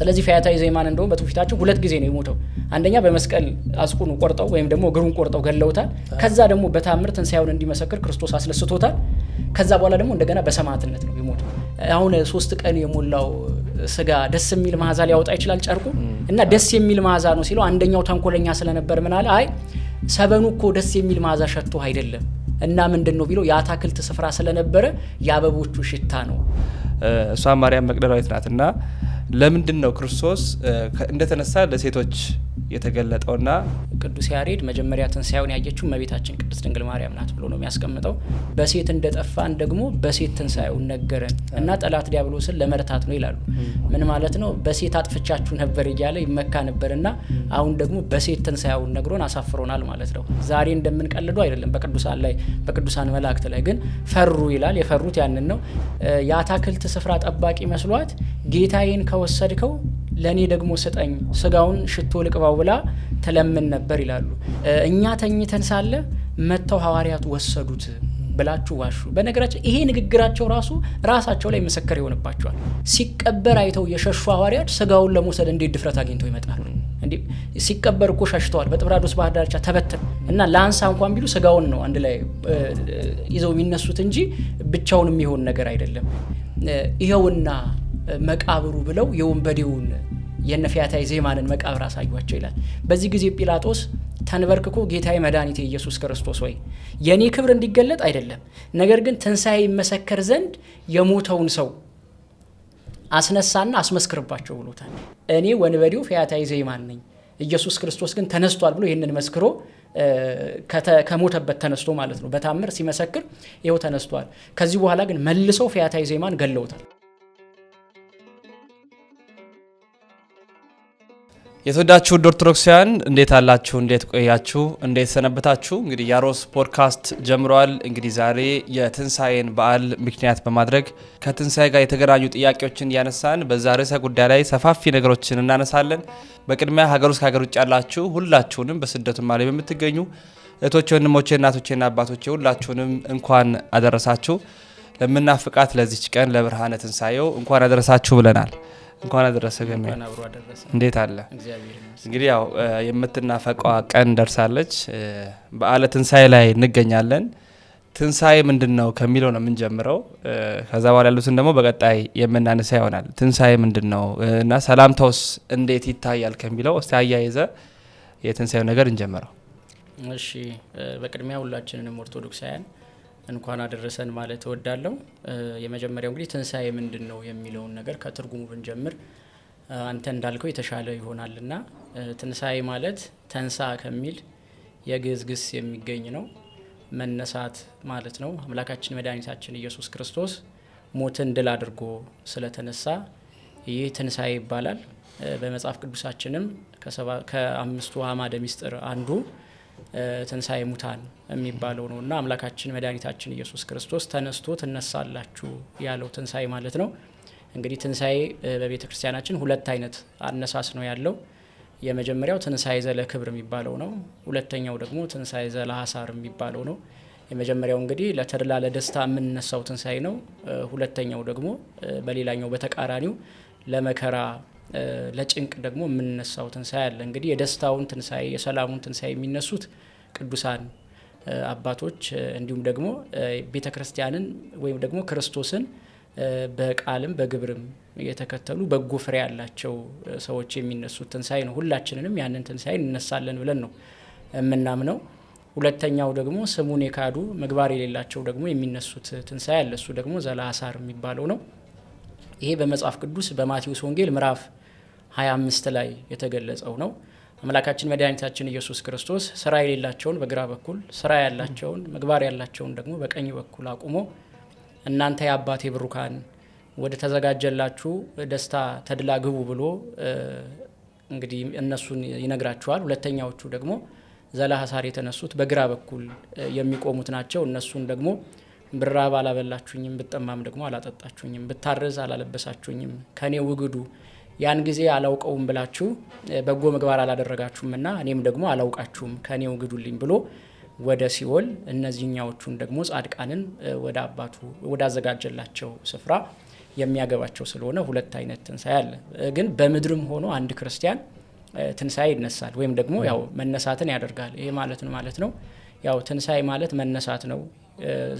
ስለዚህ ፈያታዊ ዘይማን እንደውም በትውፊታቸው ሁለት ጊዜ ነው የሞተው። አንደኛ በመስቀል አስቁን ቆርጠው ወይም ደግሞ እግሩን ቆርጠው ገለውታል። ከዛ ደግሞ በታምር ትንሣኤውን እንዲመሰክር ክርስቶስ አስነስቶታል። ከዛ በኋላ ደግሞ እንደገና በሰማዕትነት ነው የሞተው። አሁን ሶስት ቀን የሞላው ስጋ ደስ የሚል መዓዛ ሊያወጣ ይችላል ጨርቁ እና ደስ የሚል መዓዛ ነው ሲለው አንደኛው ተንኮለኛ ስለነበር ምን አለ፣ አይ ሰበኑ እኮ ደስ የሚል መዓዛ ሸቶ አይደለም እና ምንድን ነው ቢለው የአታክልት ስፍራ ስለነበረ የአበቦቹ ሽታ ነው። እሷ ማርያም መቅደላዊት ናት እና ለምንድን ነው ክርስቶስ እንደተነሳ ለሴቶች የተገለጠውና ቅዱስ ያሬድ መጀመሪያ ትንሳኤውን ያየችው እመቤታችን ቅድስት ድንግል ማርያም ናት ብሎ ነው የሚያስቀምጠው። በሴት እንደጠፋን ደግሞ በሴት ትንሳኤውን ነገረን እና ጠላት ዲያብሎስን ለመርታት ነው ይላሉ። ምን ማለት ነው? በሴት አጥፍቻችሁ ነበር እያለ ይመካ ነበር እና አሁን ደግሞ በሴት ትንሳኤውን ነግሮን አሳፍሮናል ማለት ነው። ዛሬ እንደምንቀልዱ አይደለም። በቅዱሳን ላይ በቅዱሳን መላእክት ላይ ግን ፈሩ ይላል። የፈሩት ያንን ነው። የአታክልት ስፍራ ጠባቂ መስሏት ጌታዬን ከወሰድከው ለእኔ ደግሞ ስጠኝ ስጋውን ሽቶ ልቅባው ብላ ተለምን ነበር ይላሉ። እኛ ተኝተን ሳለ መጥተው ሐዋርያት ወሰዱት ብላችሁ ዋሹ። በነገራችን ይሄ ንግግራቸው ራሱ ራሳቸው ላይ ምስክር ይሆንባቸዋል። ሲቀበር አይተው የሸሹ ሐዋርያት ስጋውን ለመውሰድ እንዴት ድፍረት አግኝተው ይመጣሉ? እንዲህ ሲቀበር እኮ ሸሽተዋል። በጥብራዶስ ባህር ዳርቻ ተበትን እና ለአንሳ እንኳን ቢሉ ስጋውን ነው አንድ ላይ ይዘው የሚነሱት እንጂ ብቻውን የሚሆን ነገር አይደለም። ይኸውና መቃብሩ ብለው የወንበዴውን የነፊያታዊ ዜማንን መቃብር አሳዩቸው ይላል። በዚህ ጊዜ ጲላጦስ ተንበርክኮ ጌታዬ መድኃኒቴ ኢየሱስ ክርስቶስ ወይ የእኔ ክብር እንዲገለጥ አይደለም፣ ነገር ግን ትንሣኤ ይመሰከር ዘንድ የሞተውን ሰው አስነሳና አስመስክርባቸው ብሎታል። እኔ ወንበዴው ፊያታዊ ዜማን ነኝ፣ ኢየሱስ ክርስቶስ ግን ተነስቷል ብሎ ይህንን መስክሮ ከሞተበት ተነስቶ ማለት ነው። በታምር ሲመሰክር ይኸው ተነስቷል። ከዚህ በኋላ ግን መልሰው ፊያታዊ ዜማን ገለውታል። የተወዳችሁ ውድ ኦርቶዶክሳውያን እንዴት አላችሁ? እንዴት ቆያችሁ? እንዴት ሰነበታችሁ? እንግዲህ ያሮስ ፖድካስት ጀምረዋል። እንግዲህ ዛሬ የትንሣኤን በዓል ምክንያት በማድረግ ከትንሣኤ ጋር የተገናኙ ጥያቄዎችን እያነሳን በዛ ርዕሰ ጉዳይ ላይ ሰፋፊ ነገሮችን እናነሳለን። በቅድሚያ ሀገር ውስጥ ከሀገር ውጭ ያላችሁ ሁላችሁንም በስደቱ ማለ የምትገኙ እህቶቼ፣ ወንድሞቼ፣ እናቶቼና አባቶቼ ሁላችሁንም እንኳን አደረሳችሁ። ለምናፍቃት ለዚች ቀን ለብርሃነ ትንሣኤው እንኳን አደረሳችሁ ብለናል። እንኳን አደረሰ ገና። እንዴት አለ እንግዲህ ያው የምትናፈቀዋ ቀን ደርሳለች። በዓለ ትንሣኤ ላይ እንገኛለን። ትንሣኤ ምንድን ነው ከሚለው ነው የምንጀምረው። ከዛ በኋላ ያሉትን ደግሞ በቀጣይ የምናነሳ ይሆናል። ትንሣኤ ምንድን ነው እና ሰላምታውስ እንዴት ይታያል ከሚለው እስቲ አያይዘ የትንሣኤው ነገር እንጀምረው። እሺ፣ በቅድሚያ ሁላችንንም ኦርቶዶክሳውያን እንኳን አደረሰን ማለት እወዳለሁ። የመጀመሪያው እንግዲህ ትንሣኤ ምንድን ነው የሚለውን ነገር ከትርጉሙ ብንጀምር አንተ እንዳልከው የተሻለ ይሆናል እና ትንሣኤ ማለት ተንሳ ከሚል የግዕዝ ግስ የሚገኝ ነው። መነሳት ማለት ነው። አምላካችን መድኃኒታችን ኢየሱስ ክርስቶስ ሞትን ድል አድርጎ ስለተነሳ ይህ ትንሣኤ ይባላል። በመጽሐፍ ቅዱሳችንም ከአምስቱ አዕማደ ምስጢር አንዱ ትንሣኤ ሙታን የሚባለው ነው እና አምላካችን መድኃኒታችን ኢየሱስ ክርስቶስ ተነስቶ ትነሳላችሁ ያለው ትንሣኤ ማለት ነው። እንግዲህ ትንሣኤ በቤተ ክርስቲያናችን ሁለት አይነት አነሳስ ነው ያለው። የመጀመሪያው ትንሣኤ ዘለ ክብር የሚባለው ነው። ሁለተኛው ደግሞ ትንሣኤ ዘለ ሀሳር የሚባለው ነው። የመጀመሪያው እንግዲህ ለተድላ ለደስታ የምንነሳው ትንሣኤ ነው። ሁለተኛው ደግሞ በሌላኛው በተቃራኒው ለመከራ ለጭንቅ ደግሞ የምንነሳው ትንሳኤ አለ። እንግዲህ የደስታውን ትንሳኤ የሰላሙን ትንሳኤ የሚነሱት ቅዱሳን አባቶች እንዲሁም ደግሞ ቤተ ክርስቲያንን ወይም ደግሞ ክርስቶስን በቃልም በግብርም የተከተሉ በጎ ፍሬ ያላቸው ሰዎች የሚነሱት ትንሳኤ ነው። ሁላችንንም ያንን ትንሳኤ እንነሳለን ብለን ነው የምናምነው። ሁለተኛው ደግሞ ስሙን የካዱ ምግባር የሌላቸው ደግሞ የሚነሱት ትንሳኤ አለ። እሱ ደግሞ ዘለአሳር የሚባለው ነው። ይሄ በመጽሐፍ ቅዱስ በማቴዎስ ወንጌል ምዕራፍ 25 ላይ የተገለጸው ነው። አምላካችን መድኃኒታችን ኢየሱስ ክርስቶስ ስራ የሌላቸውን በግራ በኩል ስራ ያላቸውን ምግባር ያላቸውን ደግሞ በቀኝ በኩል አቁሞ እናንተ የአባቴ ብሩካን ወደ ተዘጋጀላችሁ ደስታ ተድላ ግቡ ብሎ እንግዲህ እነሱን ይነግራቸዋል። ሁለተኛዎቹ ደግሞ ዘለሐሳር የተነሱት በግራ በኩል የሚቆሙት ናቸው። እነሱን ደግሞ ብራብ አላበላችሁኝም፣ ብጠማም ደግሞ አላጠጣችሁኝም፣ ብታርዝ አላለበሳችሁኝም፣ ከእኔ ውግዱ ያን ጊዜ አላውቀውም ብላችሁ በጎ ምግባር አላደረጋችሁም እና እኔም ደግሞ አላውቃችሁም ከእኔ ውግዱልኝ ብሎ ወደ ሲኦል እነዚህኛዎቹን ደግሞ ጻድቃንን ወደ አባቱ ወዳዘጋጀላቸው ስፍራ የሚያገባቸው ስለሆነ ሁለት አይነት ትንሳኤ አለ። ግን በምድርም ሆኖ አንድ ክርስቲያን ትንሳኤ ይነሳል ወይም ደግሞ ያው መነሳትን ያደርጋል። ይሄ ማለት ነው ማለት ነው ያው ትንሳኤ ማለት መነሳት ነው።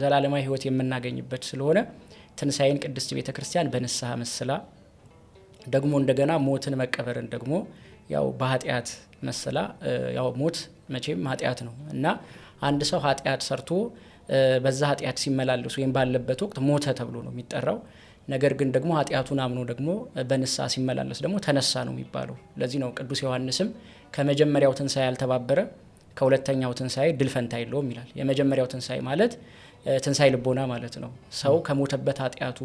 ዘላለማዊ ሕይወት የምናገኝበት ስለሆነ ትንሳኤን ቅድስት ቤተ ክርስቲያን በንስሐ መስላ ደግሞ እንደገና ሞትን መቀበርን ደግሞ ያው በኃጢአት መሰላ ያው ሞት መቼም ኃጢአት ነው እና አንድ ሰው ኃጢአት ሰርቶ በዛ ኃጢአት ሲመላለስ ወይም ባለበት ወቅት ሞተ ተብሎ ነው የሚጠራው። ነገር ግን ደግሞ ኃጢአቱን አምኖ ደግሞ በንሳ ሲመላለስ ደግሞ ተነሳ ነው የሚባለው። ለዚህ ነው ቅዱስ ዮሐንስም ከመጀመሪያው ትንሣኤ ያልተባበረ ከሁለተኛው ትንሣኤ ድል ፈንታ የለውም ይላል። የመጀመሪያው ትንሣኤ ማለት ትንሣኤ ልቦና ማለት ነው። ሰው ከሞተበት ኃጢአቱ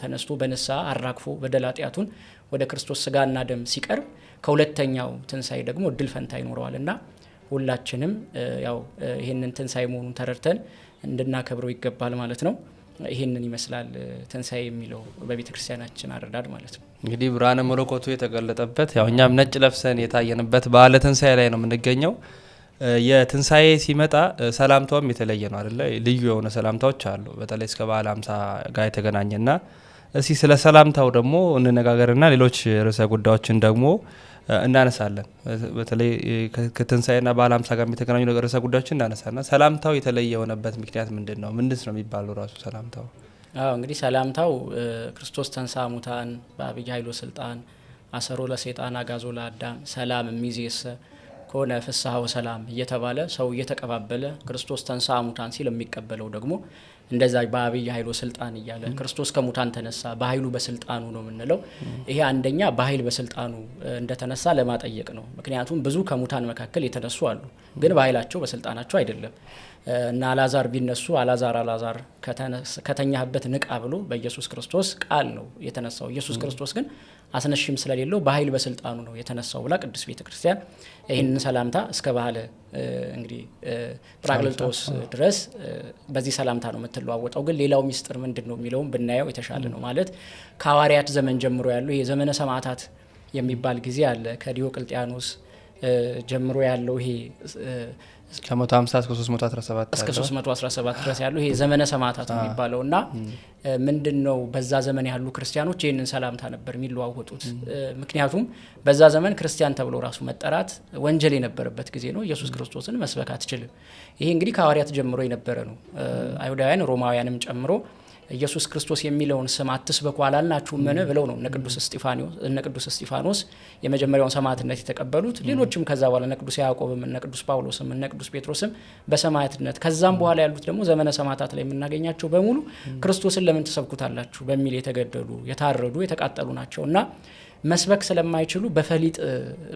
ተነስቶ በንስሐ አራግፎ በደል ኃጢአቱን ወደ ክርስቶስ ስጋና ደም ሲቀርብ ከሁለተኛው ትንሣኤ ደግሞ ድል ፈንታ ይኖረዋል እና ሁላችንም ያው ይህንን ትንሣኤ መሆኑን ተረድተን እንድናከብረው ይገባል ማለት ነው። ይህንን ይመስላል ትንሣኤ የሚለው በቤተ ክርስቲያናችን አረዳድ ማለት ነው። እንግዲህ ብርሃነ መለኮቱ የተገለጠበት ያው እኛም ነጭ ለብሰን የታየንበት በዓለ ትንሣኤ ላይ ነው የምንገኘው። የትንሣኤ ሲመጣ ሰላምታውም የተለየ ነው አደለ? ልዩ የሆነ ሰላምታዎች አሉ። በተለይ እስከ በዓለ ሃምሳ ጋር ና እስቲ ስለ ሰላምታው ደግሞ ና ሌሎች ርዕሰ ጉዳዮችን ደግሞ እናነሳለን። በተለይ ና በዓለ ሃምሳ ጋር የተገናኙ ርዕሰ ጉዳዮችን ና ሰላምታው የተለየ የሆነበት ምክንያት ምንድን ነው? ምንድስ ነው የሚባለው ራሱ ሰላምታው? አዎ እንግዲህ ሰላምታው ክርስቶስ ተንሳ ሙታን በአብይ ኃይሎ ስልጣን አሰሮ ለሴጣን አጋዞ ለአዳም ሰላም የሚዜሰ ከሆነ ፍስሐው ሰላም እየተባለ ሰው እየተቀባበለ ክርስቶስ ተንሳ ሙታን ሲል የሚቀበለው ደግሞ እንደዛ በአብይ ኃይሎ ስልጣን እያለ ክርስቶስ ከሙታን ተነሳ በኃይሉ በስልጣኑ ነው የምንለው። ይሄ አንደኛ በኃይል በስልጣኑ እንደተነሳ ለማጠየቅ ነው። ምክንያቱም ብዙ ከሙታን መካከል የተነሱ አሉ፣ ግን በኃይላቸው በስልጣናቸው አይደለም እና አላዛር ቢነሱ አላዛር አላዛር ከተኛህበት ንቃ ብሎ በኢየሱስ ክርስቶስ ቃል ነው የተነሳው። ኢየሱስ ክርስቶስ ግን አስነሽም ስለሌለው በኃይል በስልጣኑ ነው የተነሳው ብላ ቅዱስ ቤተ ክርስቲያን ይህንን ሰላምታ እስከ ባህለ እንግዲህ ጵራቅልጦስ ድረስ በዚህ ሰላምታ ነው የምትለዋወጠው። ግን ሌላው ሚስጥር ምንድን ነው የሚለውም ብናየው የተሻለ ነው። ማለት ከሐዋርያት ዘመን ጀምሮ ያሉ የዘመነ ሰማዕታት የሚባል ጊዜ አለ ከዲዮ ቅልጥያኖስ ጀምሮ ያለው ይሄ ከ150 እስከ 317 እስከ 317 ድረስ ያለው ይሄ ዘመነ ሰማዕታት የሚባለው እና ምንድን ነው በዛ ዘመን ያሉ ክርስቲያኖች ይህንን ሰላምታ ነበር የሚለዋወጡት። ምክንያቱም በዛ ዘመን ክርስቲያን ተብሎ ራሱ መጠራት ወንጀል የነበረበት ጊዜ ነው። ኢየሱስ ክርስቶስን መስበክ አትችልም። ይሄ እንግዲህ ከሐዋርያት ጀምሮ የነበረ ነው። አይሁዳውያን ሮማውያንም ጨምሮ ኢየሱስ ክርስቶስ የሚለውን ስም አትስበኩ ምን ብለው ነው እነ ቅዱስ እስጢፋኖስ የመጀመሪያውን ሰማዕትነት የተቀበሉት። ሌሎችም ከዛ በኋላ እነ ቅዱስ ያዕቆብም እነ ቅዱስ ጳውሎስም እነ ቅዱስ ጴጥሮስም በሰማዕትነት ከዛም በኋላ ያሉት ደግሞ ዘመነ ሰማዕታት ላይ የምናገኛቸው በሙሉ ክርስቶስን ለምን ትሰብኩታላችሁ በሚል የተገደሉ የታረዱ፣ የተቃጠሉ ናቸው እና መስበክ ስለማይችሉ በፈሊጥ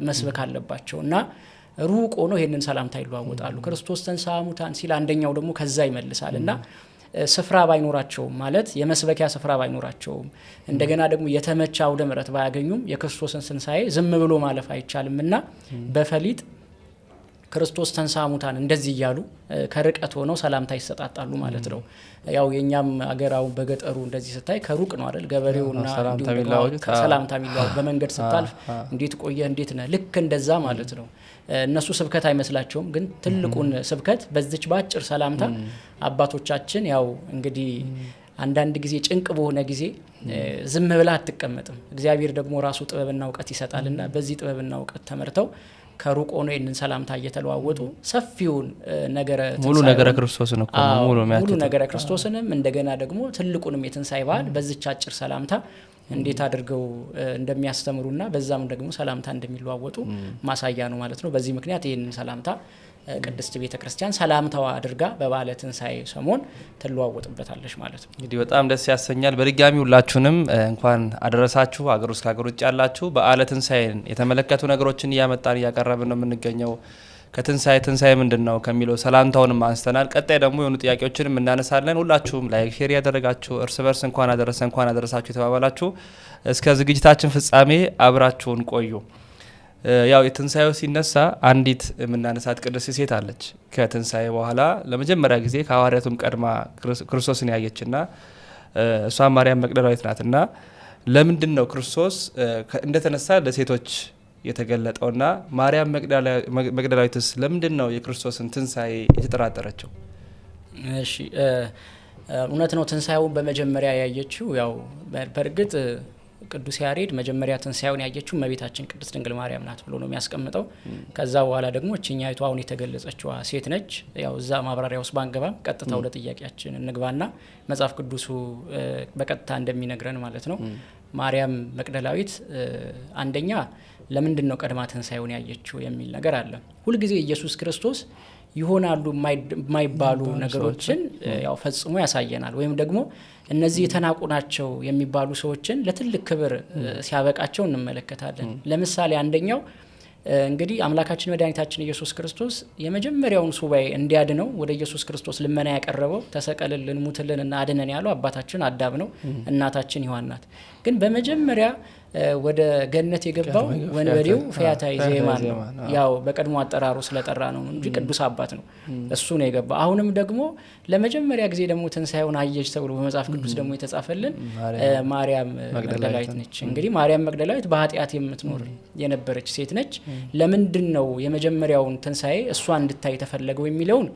መስበክ አለባቸው እና ሩቅ ሆነው ይህንን ሰላምታ ይለዋወጣሉ። ክርስቶስ ተንሥአ ሲል አንደኛው ደግሞ ከዛ ይመልሳል እና ስፍራ ባይኖራቸውም ማለት የመስበኪያ ስፍራ ባይኖራቸውም እንደገና ደግሞ የተመቸ አውደ ምረት ባያገኙም የክርስቶስን ትንሣኤ ዝም ብሎ ማለፍ አይቻልምና በፈሊጥ ክርስቶስ ተንሳ ሙታን እንደዚህ እያሉ ከርቀት ሆነው ሰላምታ ይሰጣጣሉ ማለት ነው። ያው የእኛም አገራው በገጠሩ እንደዚህ ስታይ ከሩቅ ነው አይደል? ገበሬውና ሰላምታ የሚለዋወጥ በመንገድ ስታልፍ እንዴት ቆየ እንዴት ነ ልክ እንደዛ ማለት ነው። እነሱ ስብከት አይመስላቸውም፣ ግን ትልቁን ስብከት በዚች በአጭር ሰላምታ አባቶቻችን ያው እንግዲህ አንዳንድ ጊዜ ጭንቅ በሆነ ጊዜ ዝም ብላ አትቀመጥም። እግዚአብሔር ደግሞ ራሱ ጥበብና እውቀት ይሰጣልና በዚህ ጥበብና እውቀት ተመርተው ከሩቅ ሆኖ ይህንን ሰላምታ እየተለዋወጡ ሰፊውን ነገረ ሙሉ ነገረ ክርስቶስን ሙሉ ነገረ ክርስቶስንም እንደገና ደግሞ ትልቁንም የትንሳኤ በዓል በዚች አጭር ሰላምታ እንዴት አድርገው እንደሚያስተምሩና በዛም ደግሞ ሰላምታ እንደሚለዋወጡ ማሳያ ነው ማለት ነው። በዚህ ምክንያት ይህንን ሰላምታ ቅድስት ቤተ ክርስቲያን ሰላምታዋ አድርጋ በባለ ትንሣኤ ሰሞን ትለዋወጥበታለች ማለት ነው። እንግዲህ በጣም ደስ ያሰኛል። በድጋሚ ሁላችሁንም እንኳን አደረሳችሁ። አገር ውስጥ ከሀገር ውጭ ያላችሁ በዓለ ትንሣኤን የተመለከቱ ነገሮችን እያመጣን እያቀረብን ነው የምንገኘው። ከትንሳኤ ትንሳኤ ምንድን ነው ከሚለው ሰላምታውንም አንስተናል። ቀጣይ ደግሞ የሆኑ ጥያቄዎችንም እናነሳለን። ሁላችሁም ላይክ ሼር ያደረጋችሁ እርስ በርስ እንኳን አደረሰ እንኳን አደረሳችሁ የተባባላችሁ እስከ ዝግጅታችን ፍጻሜ አብራችሁን ቆዩ። ያው የትንሳኤው ሲነሳ አንዲት የምናነሳት ቅድስት ሴት አለች። ከትንሳኤ በኋላ ለመጀመሪያ ጊዜ ከሐዋርያቱም ቀድማ ክርስቶስን ያየችና እሷ ማርያም መቅደላዊት ናትና ለምንድን ነው ክርስቶስ እንደተነሳ ለሴቶች የተገለጠውና ማርያም መግደላዊትስ ለምንድን ነው የክርስቶስን ትንሣኤ የተጠራጠረችው? እሺ እውነት ነው። ትንሣኤውን በመጀመሪያ ያየችው ያው በእርግጥ ቅዱስ ያሬድ መጀመሪያ ትንሣኤውን ያየችው እመቤታችን ቅድስት ድንግል ማርያም ናት ብሎ ነው የሚያስቀምጠው። ከዛ በኋላ ደግሞ እችኛይቱ አሁን የተገለጸችዋ ሴት ነች። ያው እዛ ማብራሪያ ውስጥ ባንገባም ቀጥታ ወደ ጥያቄያችን እንግባና መጽሐፍ ቅዱሱ በቀጥታ እንደሚነግረን ማለት ነው ማርያም መቅደላዊት አንደኛ ለምንድን ነው ቀድማ ትንሣኤውን ያየችው የሚል ነገር አለ። ሁልጊዜ ኢየሱስ ክርስቶስ ይሆናሉ የማይባሉ ነገሮችን ያው ፈጽሞ ያሳየናል። ወይም ደግሞ እነዚህ የተናቁ ናቸው የሚባሉ ሰዎችን ለትልቅ ክብር ሲያበቃቸው እንመለከታለን። ለምሳሌ አንደኛው እንግዲህ አምላካችን መድኃኒታችን ኢየሱስ ክርስቶስ የመጀመሪያውን ሱባኤ እንዲያድነው ወደ ኢየሱስ ክርስቶስ ልመና ያቀረበው ተሰቀልልን፣ ሙትልን እና አድነን ያለው አባታችን አዳም ነው። እናታችን ሔዋን ናት። ግን በመጀመሪያ ወደ ገነት የገባው ወንበዴው ፈያታዊ ዜማን ነው። ያው በቀድሞ አጠራሩ ስለጠራ ነው እንጂ ቅዱስ አባት ነው፣ እሱ ነው የገባው። አሁንም ደግሞ ለመጀመሪያ ጊዜ ደግሞ ትንሳኤውን አየች ተብሎ በመጽሐፍ ቅዱስ ደግሞ የተጻፈልን ማርያም መግደላዊት ነች። እንግዲህ ማርያም መግደላዊት በኃጢአት የምትኖር የነበረች ሴት ነች። ለምንድን ነው የመጀመሪያውን ትንሳኤ እሷ እንድታይ ተፈለገው የሚለውን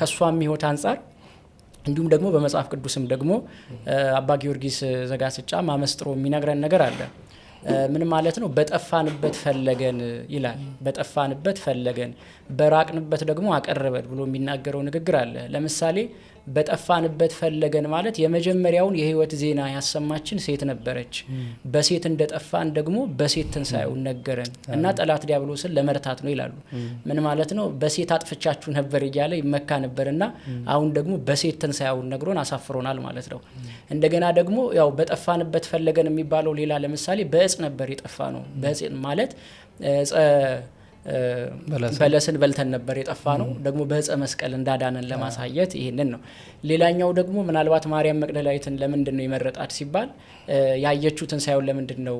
ከእሷም ሕይወት አንጻር እንዲሁም ደግሞ በመጽሐፍ ቅዱስም ደግሞ አባ ጊዮርጊስ ዘጋስጫ ማመስጥሮ የሚነግረን ነገር አለ ምን ማለት ነው? በጠፋንበት ፈለገን ይላል። በጠፋንበት ፈለገን፣ በራቅንበት ደግሞ አቀረበን ብሎ የሚናገረው ንግግር አለ። ለምሳሌ በጠፋንበት ፈለገን ማለት የመጀመሪያውን የህይወት ዜና ያሰማችን ሴት ነበረች። በሴት እንደጠፋን ደግሞ በሴት ትንሳኤውን ነገረን እና ጠላት ዲያብሎስን ለመርታት ነው ይላሉ። ምን ማለት ነው? በሴት አጥፍቻችሁ ነበር እያለ ይመካ ነበር አሁን ደግሞ በሴት ትንሳኤውን ነግሮን አሳፍሮናል ማለት ነው። እንደገና ደግሞ ያው በጠፋንበት ፈለገን የሚባለው ሌላ ለምሳሌ በእጽ ነበር የጠፋ ነው። በእጽ ማለት በለስን በልተን ነበር የጠፋ ነው። ደግሞ በእጸ መስቀል እንዳዳነን ለማሳየት ይህንን ነው። ሌላኛው ደግሞ ምናልባት ማርያም መቅደላዊትን ለምንድን ነው የመረጣት ሲባል ያየችሁትን ሳይሆን ለምንድን ነው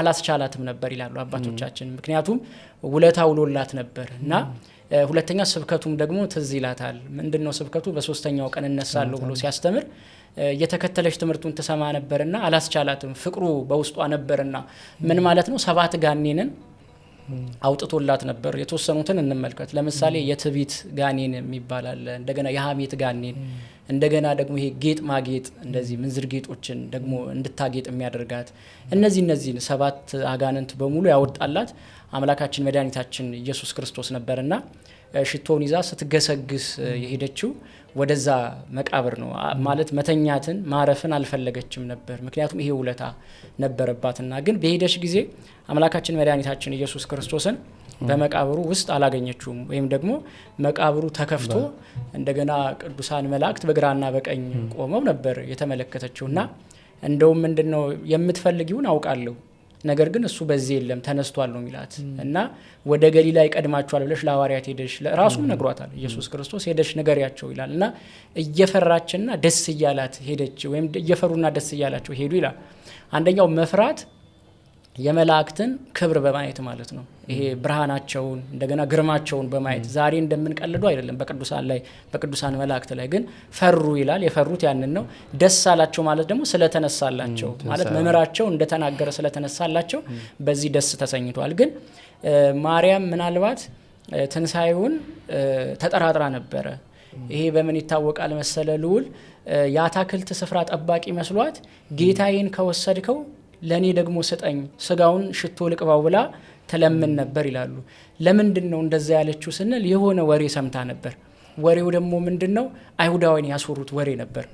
አላስቻላትም ነበር ይላሉ አባቶቻችን። ምክንያቱም ውለታ ውሎላት ነበር እና ሁለተኛ ስብከቱም ደግሞ ትዝ ይላታል። ምንድን ነው ስብከቱ? በሶስተኛው ቀን እነሳለሁ ብሎ ሲያስተምር የተከተለች ትምህርቱን ትሰማ ነበርና አላስቻላትም። ፍቅሩ በውስጧ ነበርና ምን ማለት ነው ሰባት ጋኔንን አውጥቶላት ነበር። የተወሰኑትን እንመልከት። ለምሳሌ የትቢት ጋኔን የሚባል አለ። እንደገና የሀሜት ጋኔን፣ እንደገና ደግሞ ይሄ ጌጥ ማጌጥ፣ እንደዚህ ምንዝር ጌጦችን ደግሞ እንድታጌጥ የሚያደርጋት እነዚህ እነዚህን ሰባት አጋንንት በሙሉ ያወጣላት አምላካችን መድኃኒታችን ኢየሱስ ክርስቶስ ነበርና ሽቶን ይዛ ስትገሰግስ የሄደችው ወደዛ መቃብር ነው ማለት መተኛትን ማረፍን አልፈለገችም ነበር። ምክንያቱም ይሄ ውለታ ነበረባትና። ግን በሄደች ጊዜ አምላካችን መድኃኒታችን ኢየሱስ ክርስቶስን በመቃብሩ ውስጥ አላገኘችውም። ወይም ደግሞ መቃብሩ ተከፍቶ እንደገና ቅዱሳን መላእክት በግራና በቀኝ ቆመው ነበር እና እንደውም ምንድን ነው የምትፈልጊውን አውቃለሁ ነገር ግን እሱ በዚህ የለም ተነስቷል ነው የሚላት እና ወደ ገሊላ ይቀድማችኋል ብለሽ ለሐዋርያት ሄደሽ ራሱም ነግሯታል ኢየሱስ ክርስቶስ ሄደሽ ንገሪያቸው ይላል እና እየፈራችና ደስ እያላት ሄደች ወይም እየፈሩና ደስ እያላቸው ሄዱ ይላል አንደኛው መፍራት የመላእክትን ክብር በማየት ማለት ነው ይሄ ብርሃናቸውን እንደገና ግርማቸውን በማየት ዛሬ እንደምንቀልዱ አይደለም። በቅዱሳን ላይ በቅዱሳን መላእክት ላይ ግን ፈሩ ይላል። የፈሩት ያንን ነው። ደስ አላቸው ማለት ደግሞ ስለተነሳላቸው ማለት መምህራቸው እንደተናገረ ስለተነሳላቸው በዚህ ደስ ተሰኝቷል። ግን ማርያም ምናልባት ትንሣኤውን ተጠራጥራ ነበረ። ይሄ በምን ይታወቃል መሰለ ልውል የአታክልት ስፍራ ጠባቂ መስሏት ጌታዬን ከወሰድከው ለእኔ ደግሞ ስጠኝ፣ ስጋውን ሽቶ ልቅባው ብላ ትለምን ነበር ይላሉ። ለምንድን ነው እንደዛ ያለችው ስንል የሆነ ወሬ ሰምታ ነበር። ወሬው ደግሞ ምንድን ነው? አይሁዳውያን ያስወሩት ወሬ ነበር።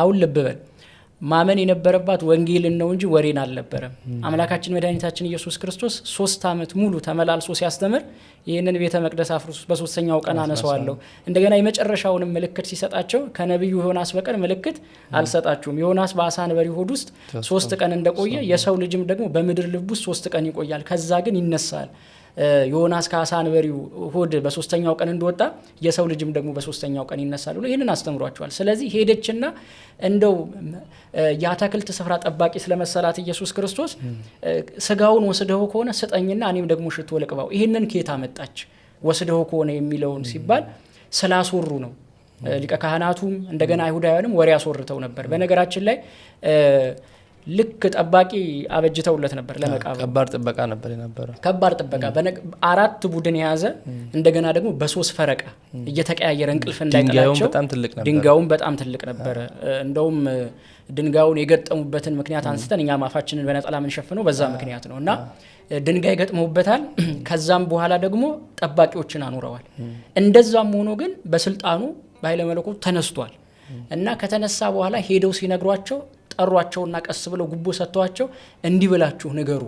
አሁን ልብ በል ማመን የነበረባት ወንጌልን ነው እንጂ ወሬን አልነበረም። አምላካችን መድኃኒታችን ኢየሱስ ክርስቶስ ሶስት ዓመት ሙሉ ተመላልሶ ሲያስተምር ይህንን ቤተ መቅደስ አፍርሱት፣ በሶስተኛው ቀን አነሰዋለሁ። እንደገና የመጨረሻውንም ምልክት ሲሰጣቸው ከነቢዩ ዮናስ በቀር ምልክት አልሰጣችሁም። ዮናስ በአሳ አንበሪ ሆድ ውስጥ ሶስት ቀን እንደቆየ የሰው ልጅም ደግሞ በምድር ልብ ውስጥ ሶስት ቀን ይቆያል፣ ከዛ ግን ይነሳል። ዮናስ ከአሳ አንበሪው ሆድ በሶስተኛው ቀን እንደወጣ የሰው ልጅም ደግሞ በሶስተኛው ቀን ይነሳል ብሎ ይህንን አስተምሯቸዋል። ስለዚህ ሄደችና እንደው የአታክልት ስፍራ ጠባቂ ስለመሰላት ኢየሱስ ክርስቶስ ስጋውን ወስደው ከሆነ ስጠኝና እኔም ደግሞ ሽቶ ልቅባው። ይህንን ኬታ መጣች ወስደው ከሆነ የሚለውን ሲባል ስላስወሩ ነው። ሊቀ ካህናቱም እንደገና አይሁዳውያንም ወሬ ያስወርተው ነበር። በነገራችን ላይ ልክ ጠባቂ አበጅተውለት ነበር ለመቃብሩ። ከባድ ጥበቃ ነበር የነበረ ከባድ ጥበቃ አራት ቡድን የያዘ እንደገና ደግሞ በሶስት ፈረቃ እየተቀያየረ እንቅልፍ እንዳይጠላቸው በጣም ትልቅ ነበረ። እንደውም ድንጋዩን የገጠሙበትን ምክንያት አንስተን እኛ ማፋችንን በነጠላ ምንሸፍነው በዛ ምክንያት ነው እና ድንጋይ ገጥመውበታል። ከዛም በኋላ ደግሞ ጠባቂዎችን አኑረዋል። እንደዛም ሆኖ ግን በስልጣኑ በኃይለ መለኮቱ ተነስቷል እና ከተነሳ በኋላ ሄደው ሲነግሯቸው ጠሯቸውና ቀስ ብለው ጉቦ ሰጥተዋቸው እንዲህ ብላችሁ ንገሩ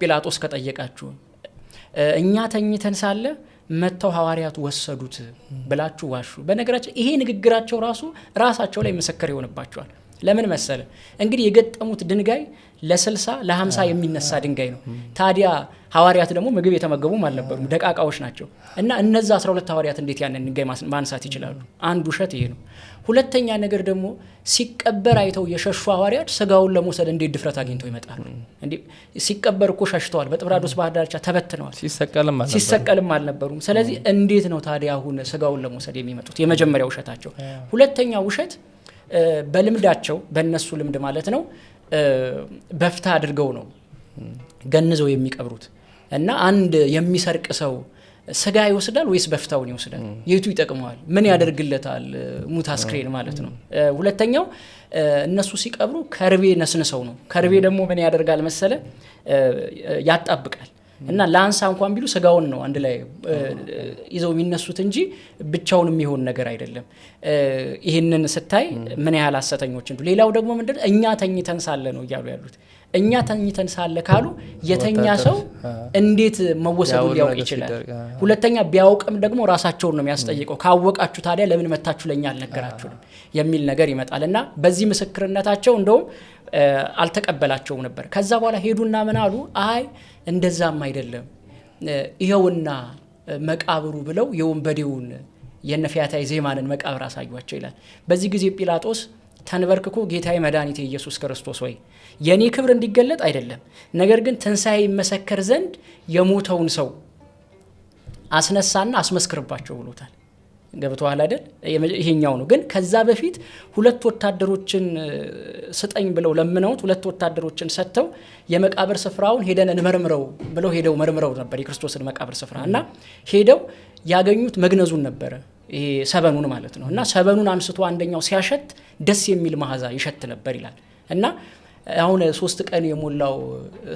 ጲላጦስ ከጠየቃችሁ እኛ ተኝተን ሳለ መጥተው ሐዋርያት ወሰዱት ብላችሁ ዋሹ። በነገራቸው ይሄ ንግግራቸው ራሱ ራሳቸው ላይ ምስክር ይሆንባቸዋል። ለምን መሰለ እንግዲህ የገጠሙት ድንጋይ ለስልሳ ለሀምሳ የሚነሳ ድንጋይ ነው ታዲያ ሐዋርያት ደግሞ ምግብ የተመገቡም አልነበሩም፣ ደቃቃዎች ናቸው። እና እነዛ 12 ሐዋርያት እንዴት ያንን ድንጋይ ማንሳት ይችላሉ? አንዱ ውሸት ይሄ ነው። ሁለተኛ ነገር ደግሞ ሲቀበር አይተው የሸሹ ሐዋርያት ስጋውን ለመውሰድ እንዴት ድፍረት አግኝተው ይመጣሉ? ሲቀበር እኮ ሸሽተዋል። በጥብራዶስ ባህር ዳርቻ ተበትነዋል። ሲሰቀልም አልነበሩም። ስለዚህ እንዴት ነው ታዲያ አሁን ስጋውን ለመውሰድ የሚመጡት? የመጀመሪያው ውሸታቸው። ሁለተኛ ውሸት በልምዳቸው በእነሱ ልምድ ማለት ነው በፍታ አድርገው ነው ገንዘው የሚቀብሩት። እና አንድ የሚሰርቅ ሰው ስጋ ይወስዳል ወይስ በፍታውን ይወስዳል? የቱ ይጠቅመዋል? ምን ያደርግለታል? ሙት አስክሬን ማለት ነው። ሁለተኛው እነሱ ሲቀብሩ ከርቤ ነስንሰው ነው። ከርቤ ደግሞ ምን ያደርጋል መሰለ ያጣብቃል። እና ለአንሳ እንኳን ቢሉ ስጋውን ነው አንድ ላይ ይዘው የሚነሱት እንጂ ብቻውን የሚሆን ነገር አይደለም። ይህንን ስታይ ምን ያህል ሐሰተኞች እንዱ። ሌላው ደግሞ ምንድን እኛ ተኝተን ሳለ ነው እያሉ ያሉት እኛ ተኝተን ሳለ ካሉ የተኛ ሰው እንዴት መወሰዱ ሊያውቅ ይችላል። ሁለተኛ ቢያውቅም ደግሞ ራሳቸውን ነው የሚያስጠይቀው። ካወቃችሁ ታዲያ ለምን መታችሁ ለእኛ አልነገራችሁንም የሚል ነገር ይመጣል እና በዚህ ምስክርነታቸው እንደውም አልተቀበላቸውም ነበር። ከዛ በኋላ ሄዱና ምን አሉ? አይ እንደዛም አይደለም ይኸውና መቃብሩ ብለው የወንበዴውን የነፊያታዊ ዜማንን መቃብር አሳዩቸው ይላል። በዚህ ጊዜ ጲላጦስ ተንበርክኮ ጌታዬ መድኃኒቴ ኢየሱስ ክርስቶስ ወይ የእኔ ክብር እንዲገለጥ አይደለም፣ ነገር ግን ትንሣኤ ይመሰከር ዘንድ የሞተውን ሰው አስነሳና አስመስክርባቸው ብሎታል። ገብቶሃል አይደል? ይሄኛው ነው። ግን ከዛ በፊት ሁለት ወታደሮችን ስጠኝ ብለው ለምነውት ሁለት ወታደሮችን ሰጥተው የመቃብር ስፍራውን ሄደን እንመርምረው ብለው ሄደው መርምረው ነበር የክርስቶስን መቃብር ስፍራ እና ሄደው ያገኙት መግነዙን ነበረ ይሄ ሰበኑን ማለት ነው እና ሰበኑን አንስቶ አንደኛው ሲያሸት ደስ የሚል መዓዛ ይሸት ነበር ይላል እና አሁን ሶስት ቀን የሞላው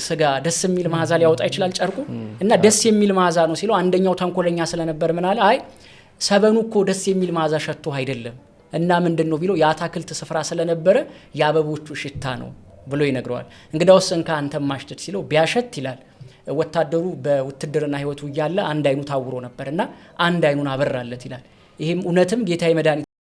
ስጋ ደስ የሚል መዓዛ ሊያወጣ ይችላል ጨርቁ እና ደስ የሚል መዓዛ ነው ሲለው አንደኛው ተንኮለኛ ስለነበር ምን አለ አይ ሰበኑ እኮ ደስ የሚል መዓዛ ሸቶ አይደለም እና ምንድን ነው ቢለው የአታክልት ስፍራ ስለነበረ የአበቦቹ ሽታ ነው ብሎ ይነግረዋል እንግዳውስ እንካ አንተ ማሽተት ሲለው ቢያሸት ይላል ወታደሩ በውትድርና ህይወቱ እያለ አንድ አይኑ ታውሮ ነበር እና አንድ አይኑን አበራለት ይላል ይህም እውነትም ጌታ የመድኃኒት